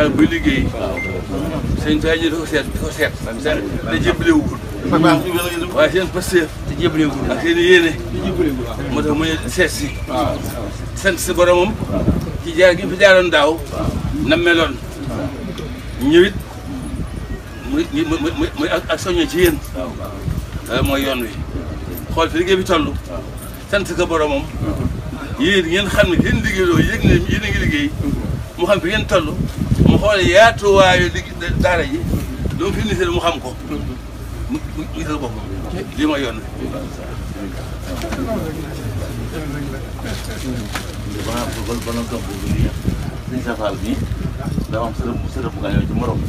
xam liggéey. waaw sëñ bi daal di ko seet di ko seet. waaye seen pasteur. te jébbalewul ak seen yéene. moo tax mu seet si. sant si boromam. ci jaar gi fi jaaroon daaw. na meloon. ñëwit muy muy muy ak soñño ci yéen. mooy yoon wi. xool fi liggéey bi toll. sant ko boromam. yéen ngeen xam ne ngeen liggéey loolu yëg ne yéen a ngi liggéey. mu xam fi ngeen toll. xoolee yaatuwaayu liggéey daara ji lu mu fi nisee mu xam ko mu mu gisal boppam lii ma yoon ba na gàmb bi suñ safaal bi daa am sërëb sërëb bu nga ñëw ci morom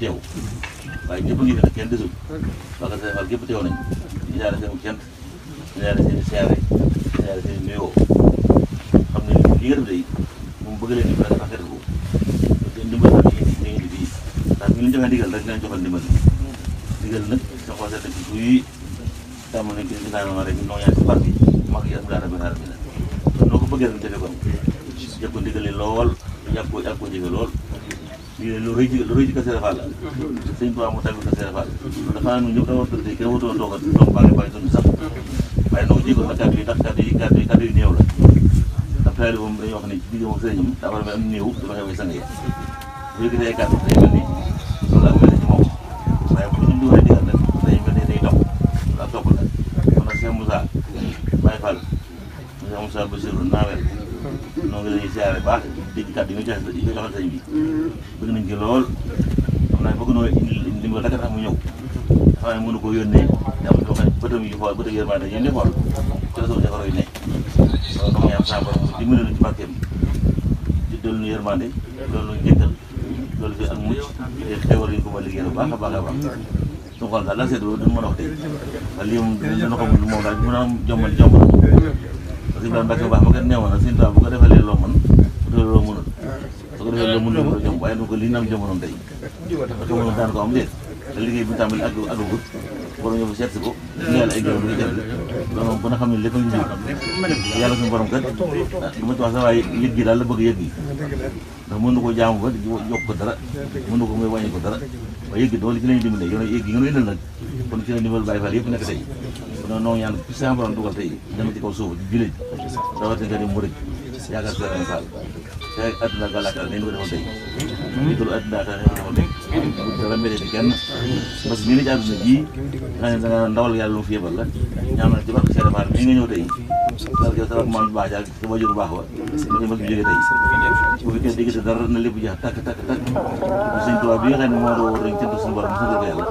teew waaye ñëpp a ngi def kenn desul parce que Fall gépp teew nañ ñu ñaare seen cant ñu ñaare seen siyaare ñu ne li nga def day moom bëgg leen dimbali dafa xeetu parce que ndimbal la ñu ngi indi fii ndax bu ñu joxee ndigal rek dinañ joxal ndimbal ndigal nag sa xol seet ci kuy tàmm nañ ko ci naan rek noo ñaan si parti mag yi alhamdulilah rabbil alamin kon noo ko bëggee rek defee ko jàpp ndigal lool jàpp lool lii lu rëy lu rëy ci Kase Rafaal la sëñ Tuubaa mu tàggu Kase Rafaal dafa ñëpp da war a tëddee kenn warutoo toogal toog baa ngi bàyyi dund sax waaye noo jégal na kàddu yi ndax kàddu yi kàddu yi kàddu yu néew la ndax taali moom dañuy wax ne ci diggam ak sëriñam daa war a am néew dafa xew sang ya bu yëkkatee ay kàddu day mel ni loolu ak mel ci moom waaye bu ñu dugalee digal nag day mel ni day dox loolu ak topp la kon nag Cheikh Moussa Baye Fall Cheikh Moussa Bassirou Nawel noo ngi lay siyaare baax dégg kàddu yi joxe yi nga bi mm-hmm. bëgg nañ ci lool xam naa bëgg noo indi ndimbal rek mu ñëw xam ne mënu ko yónnee da am ñoo xam ne bëtam yi xool bëtam yërmande yéen di xool ci la suñu loolu fi ak mucc te xewal yi bu baax a baax a la seet loolu a wax a am jombal jombal bu ko defalee loo mën defee loo mënul su ko defee loo mënul defee jom waaye nu ko lii nam jomanoon day jomanoon daan ko am déet te liggéey bi tàmbali ak agagut borom a seet si ko ñeel ay gërëm bi def loolu moom ba nga xam ne lépp a ngi ñëw yàlla suñu borom kat du ma ci wax sax waaye yëg gi daal la bëgg yëg yi ndax mën na ko jaamu ba yokk ko dara mën na ko muy wàññi dara waaye yëg gi doole ci lañu dimbale yow yëg gi nga indal nag kon ci lañu dimbal bàyyi faal yëpp nekk tey kon noonu ñaan ku dugal tey dama ci kaw suuf ci jullit rawatina nga dem mu rëcc yaakaar si Serigne Fall tey àdduna ak wàllaataa ne ñu ko defoon tey. lii tollu àdduna ak ne ñu ko defoon tey. bu dara mbéy mi kenn parce que ñu ngi ci àdduna ji da nga ndawal yàlla lu mu fi yebal la ñaan na ci barke Serigne Fall mii nga ñëw tey. parce que sama commande bu baax jaag sama jur bu baax ba. dafay mën di jóge tey. bu fekkee diggante dara na lépp jeex tàkk tàkk tàkk. Serigne Touba bi nga xam ne moo doon rek cënt suñu borom sant ko yàlla.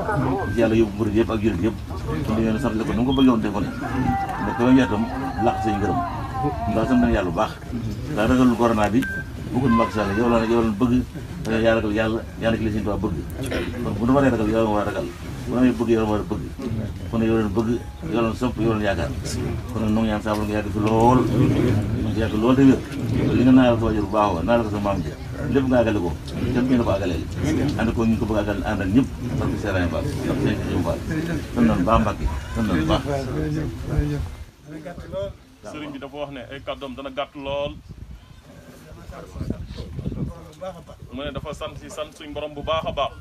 yàlla yóbbu murid yëpp ak jullit yëpp. kon dañu leen sant ko nu mu ko bëggee woon defoon ne. ndax ko yàlla itam làq seen gërëm ndax gëm nañu yàlla bu baax ndax ragalul corona bi bëggul Macky Sall yow la yow la bëgg dañoo yaa ragal yàlla yàlla ki la seen tubaab bëgg kon bu nu waree ragal yow la war a ragal bu amee bëgg yow la war a bëgg kon yow leen bëgg yow leen sopp yow leen yaakaar kon nag nu ngi ñaan saa nga yàgg fi lool ñu ngi yàgg lool te wér li nga naal ko wajur bu baax wa naal ko sa maam ja lépp nga àggale ko jëm ñu ne ko àggaleel ànd ko ñu ko bëgg a àggal àndal ñëpp parce que seeraan baax ak seen jëm baax tan noonu baax Mbàkke tan noonu baax sëriñ bi dafa wax ne ay kàddoom dana gàtt lool mu ne dafa sant si sant suñ boroom bu baax a baax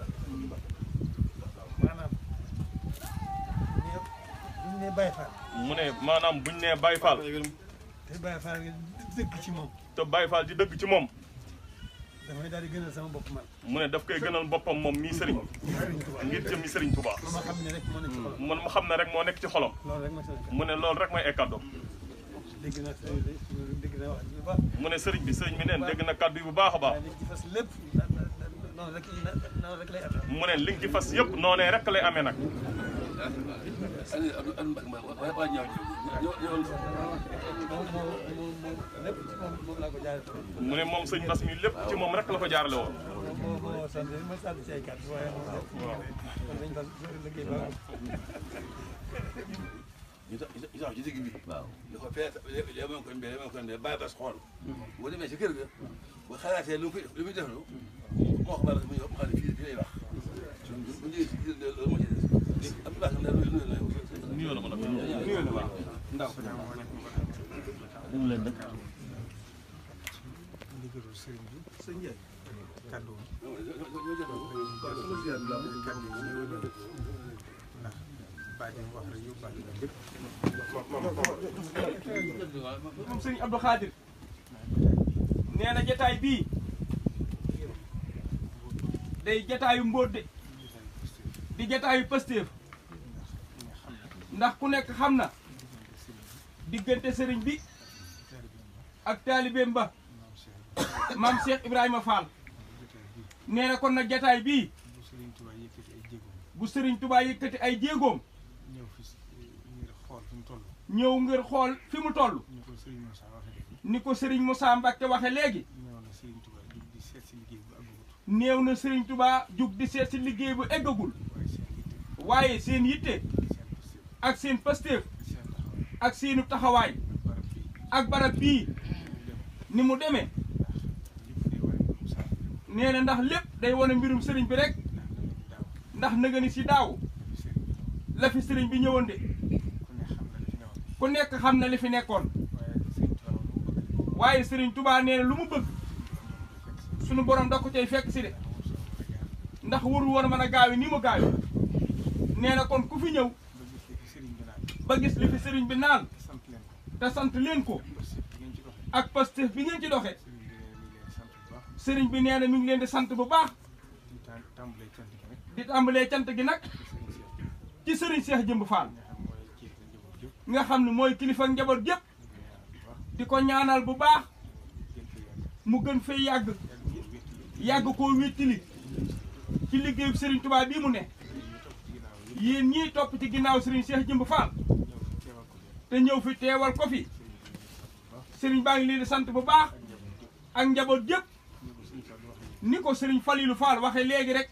mu ne maanaam buñ nee Baye Fall te Baye Fall di dëgg ci moom te Baye Fall di dëgg ci moom dafay daal di gënal bopp man mu ne daf koy gënal boppam moom mii sëriñ ngir jëmmi sëriñ Touba man ma xam ne rek moo nekk ci xolam mu ne lool rek mooy ay kàddoom dégg na sëriñ bi sëriñ bi neen dégg na kàddu yi bu baax a baax. li ci fas lépp noonu rek rek lay amee. mu ne li ci fas yëpp noonee rek lay amee nag. mu ne moom sëñ Bass mi lépp ci moom rek la ko jaarale woon. waaw waaw. ñu tax ci digg bi waaw li ko fee lemoon koñ bee lemoon koñ bee bàyyi bas xool boo demee ci kër ga bu xalaatee lu koy lu muy ko bala mu ñëw xam ne fii fii lay wax bu ñëwee ci biir loolu moo ci des am baax na lu lu la nuyoo la ma la nuyoo la waaw ndax déglu leen nag ndigalul sëriñ bi sëñ Ndiaye kàddu baatin wax rek yóbbaale la lépp. jataay bii day jataayu mbóot de di jataayu Pastef ndax ku nekk xam na diggante sëriñ bi ak taalibeem ba maam Cheikh Ibrahima Fall nee na kon nag jataay bii bu sëriñ Touba yëkkati ay jéegoom ñëw fi eh, ngir xool fi mu toll. ñëw ngir xool fi mu toll. ni ko Serigne Moussa waxee léegi. ni ko Serigne Moussa Mbacke waxee léegi. néew na Serigne Touba jug di seet si liggéey bu eggagul. na Serigne Touba jug di seet si liggéey bu eggagul. waaye seen yitte. ak seen pasteef. ak seenu taxawaay. ak barab bii. ni mu demee. nee na ndax lépp day wane mbirum Serigne bi rek. ndax na nga ni si daaw. la fi sëriñ bi ñëwoon de ku nekk xam na li fi nekkoon waaye sëriñ tubaa nee lu mu bëgg sunu borom da ko cay fekk si de ndax warul woon mën a gaawi nii mu gaawi nee na kon ku fi ñëw ba gis li fi sëriñ bi naan te sant leen ko ak pastef bi ngeen ci doxe sëriñ bi nee na mi ngi leen di sant bu baax di tàmbalee cant gi nag ci sëriñ seex Jëmb Fall nga xam ne mooy kilifa ak njaboot yëpp di ko ñaanal bu baax mu gën fay yàgg yàgg koo wéttali ci liggéeyu sëriñ Touba bii mu ne yéen ñii topp ci ginnaaw sëriñ Cheikh Jëmb Fall te ñëw fi teewal ko fi sëriñ baa ngi leen di sant bu baax ak njaboot yëpp ni ko sëriñ Falilou Fall waxee léegi rek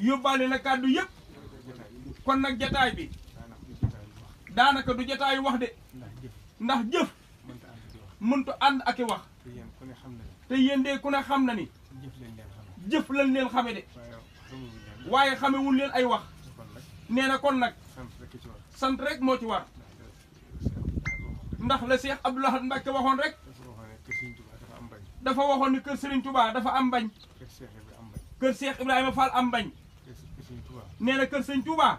yóbbaale na kàddu yëpp. kon nag jataay bi daanaka du jataayu wax de ndax jëf mëntu ànd ak i wax te yéen de ku ne xam na ni jëf lañ leen xame de waaye xamewul leen ay wax nee na kon nag sant rek moo ci war ndax la Cheikh Abdou Lahad Mbacké waxoon rek dafa waxoon ni kër Serigne Touba dafa am bañ kër Cheikh Ibrahima Fall am bañ nee na kër Serigne Touba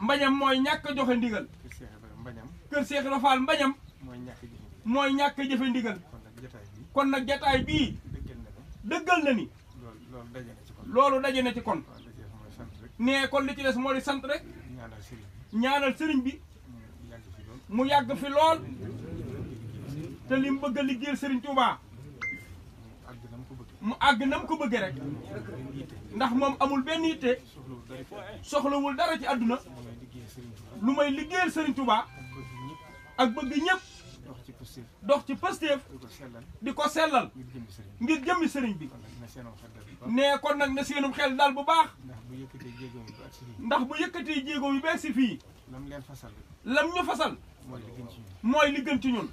mbañam mooy ñàkk joxe ndigal. kër Cheikh Ibrahima mbañam. kër Cheikh Ibra Fall mbañam. mooy ñàkk jëfe ndigal. mooy ndigal. kon nag jataay bii. kon nag dëggal na ni. loolu daje na ci kon. loolu daje na ci kon. nee kon li ci des moo di sant rek. ñaanal sëriñ bi. ñaanal sëriñ bi. mu yàgg fi lool. te li mu bëgg a liggéeyal sëriñ Touba. mu àgg na mu ko bëgge rek. ndax moom amul benn yitte soxlawul dara ci àdduna lu may liggéeyal Serigne Touba ak bëgg ñëpp dox ci Pastef di ko sellal ngir jëmmi sëriñ bi nee kon nag na seenum xel daal bu baax ndax bu yëkkatee jéego yu bees si fii lam ñu fasal mooy li gën ci ñun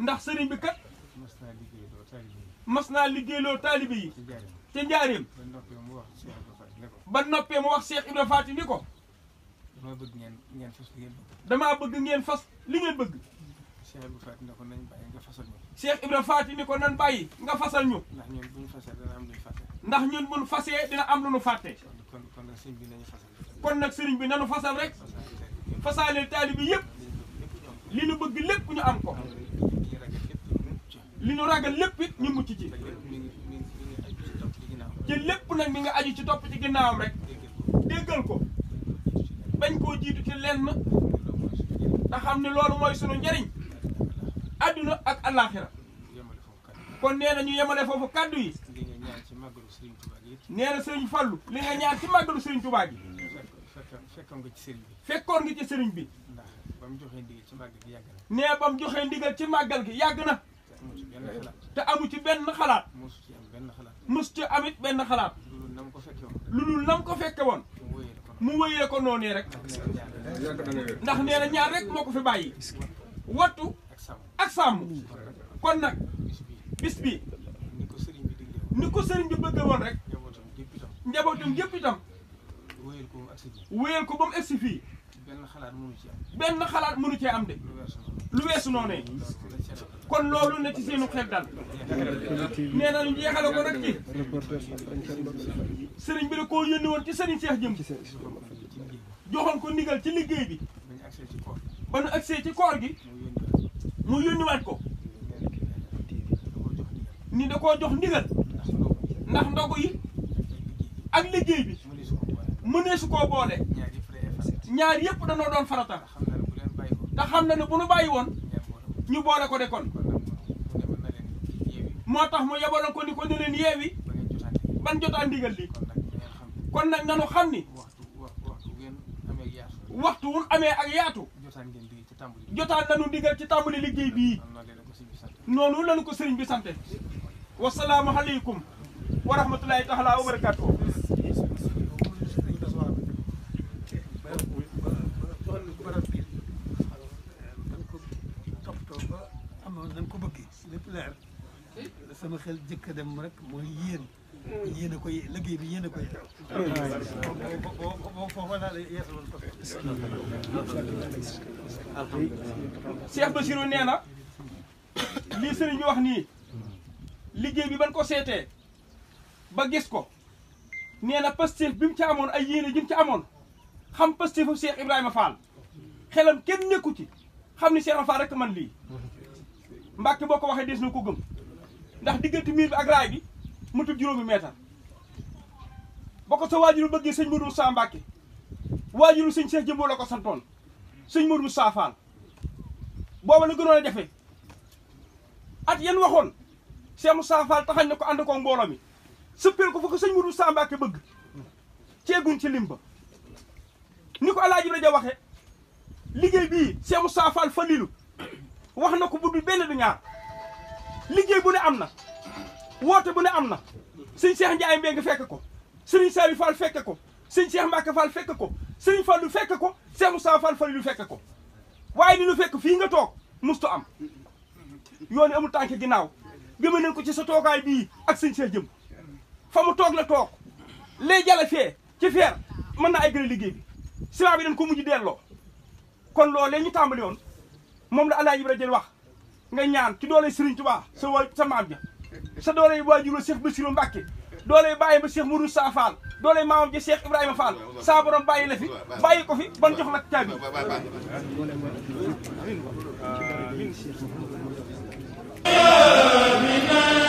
ndax sëriñ bi kat mas naa liggéeyloo taalibe yi ca njaarim ba noppee mu wax Cheikh Ibra Faati ni ko damaa bëgg ngeen ngeen fas li ngeen bëgg damaa bëgg ngeen fas li ngeen bëgg Cheikh Ibra Faati ni ko nañ bàyyi nga fasal ñu Cheikh Ibra Faati bàyyi nga fasal ñu ndax ñun buñu fasee dina am lu ñu fàtte ndax ñun buñu fasee dina am lu ñu fàtte kon kon nag sëriñ bi kon nag sëriñ bi nanu fasal rek fasaaleel taalibi yëpp li nu bëgg lépp ñu am ko li nu ragal lépp ñu mucc ci te lépp nag mi nga aju ci topp ci ginnaawam rek déggal ko bañ koo jiitu ci lenn te xam ne loolu mooy sunu njariñ adduna ak allaaxira kon nee na ñu yemale foofu kaddu yi nee na sëriñ Fallu li nga ñaan ci màggalu sëriñ Tuubaa gi fekkoon nga ci sëriñ bi fekkoon nga ci sëriñ bi ba mu joxee ndigal ci màggal gi yàgg na nee ba mu joxee ndigal ci màggal gi yàgg na te amu ci benn xalaat amit benn xalaat lu dul nam ko fekke woon mu wëyee ko noonee rek ndax nee na ñaar rek moo ko fi bàyyi wattu ak sàmm kon nag bis bi ko sëriñ bi bëgg woon rek njabootam yëpp itam wéyal ko ba mu egsi fii benn xalaat mënu cee am de lu weesu noonee kon loolu na ci seenu xel daal nee na ñu jeexale ko nag ci sëriñ bi da koo yónni woon ci sëriñ Cheikh jëm joxoon ko ndigal ci liggéey bi ba nu agsee ci koor gi mu yónniwaat ko ni da koo jox ndigal ndax ndogu yi ak liggéey bi mënee su koo boole ñaar yëpp danoo doon farata te xam na ne bu nu bàyyi woon ñu boole ko de kon moo tax mu yebaloon ko ni ko ne leen yeewi ban jotaa ndigal li kon nag nanu xam ni waxtu wun amee ak yaatu jotaan nanu ndigal ci tàmbali liggéey bii noonu lañu ko sëriñ bi sante wasalaamu aleykum wa rahmatulahi taala wa barakatuh lépp leer sama xel jëkk dem rek mooy yéen yéen a koy liggéey bi yéen a koy boo foofa laa lay yeesaloon Cheikh Bassirou nee na lii sëriñ bi wax nii liggéey bi ban ko seetee ba gis ko nee na pastif bi mu ci amoon ay yéene ji mu ci amoon xam pastifu Cheikh Ibrahima Fall xelam kenn nekku ci xam ni Cheikh Fall rek man lii Mbàkke boo ko waxee des na ko gëm ndax diggante miir bi ak raay bi mëtul juróomi meetar ba ko sa waajuru bëggee sëñ Modou Moussa Mbacke waajuru sëñ Cheikh Jëmboo la ko santoon sëñ Modou Moussa Fall booba la gënoon a jafe at yan waxoon Cheikh Moussa Fall taxañ na ko ànd ko mbooloo mi sëppeel ko fa ko sëñ Modou Moussa Mbacke bëgg ceeguñ ci limba ni ko alaaji rajo waxe liggéey bii Cheikh Moussa Fall Falilou wax na ko bu dul benn du ñaar liggéey bu ne am na woote bu ne am na sëñ Cheikh Ndiaye Mbengue fekk ko sëriñ Saliou Fall fekk ko sëñ Cheikh Mbacke Fall fekk ko sëriñ lu fekk ko Cheikh Moussa Fall lu fekk ko waaye ni nu fekk fii nga toog mustu am yoon amul tànk ginnaaw gëme nañ ko ci sa toogaay bii ak sëñ Cheikh jëm fa mu toog la toog lay jala fee ci feer mën na ay gën a liggéey bi ciment bi dañ ko mujj delloo kon loolu lee ñu tàmbali woon moom la Alaaji Ibra jël wax nga ñaan ci doole Serigne Touba sa waa sa maam ja sa doole waajur Cheikh Bassirou Mbacké doole bàyyi ba Cheikh Mourou Sa Fall doole maamam ja Cheikh Ibrahima Fall saa borom bàyyi la fi bàyyi ko fi ban jox la caabi amiin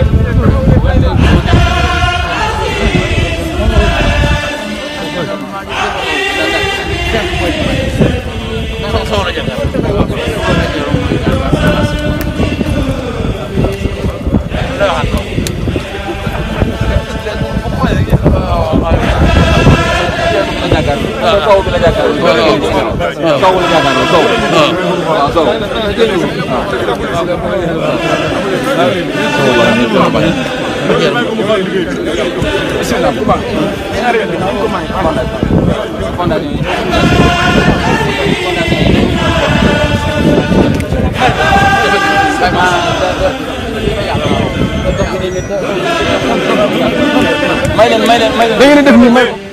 kaw la jàkkaarloo kaw. waaw kaw. may leen may leen may leen. da ngeen di def nii may.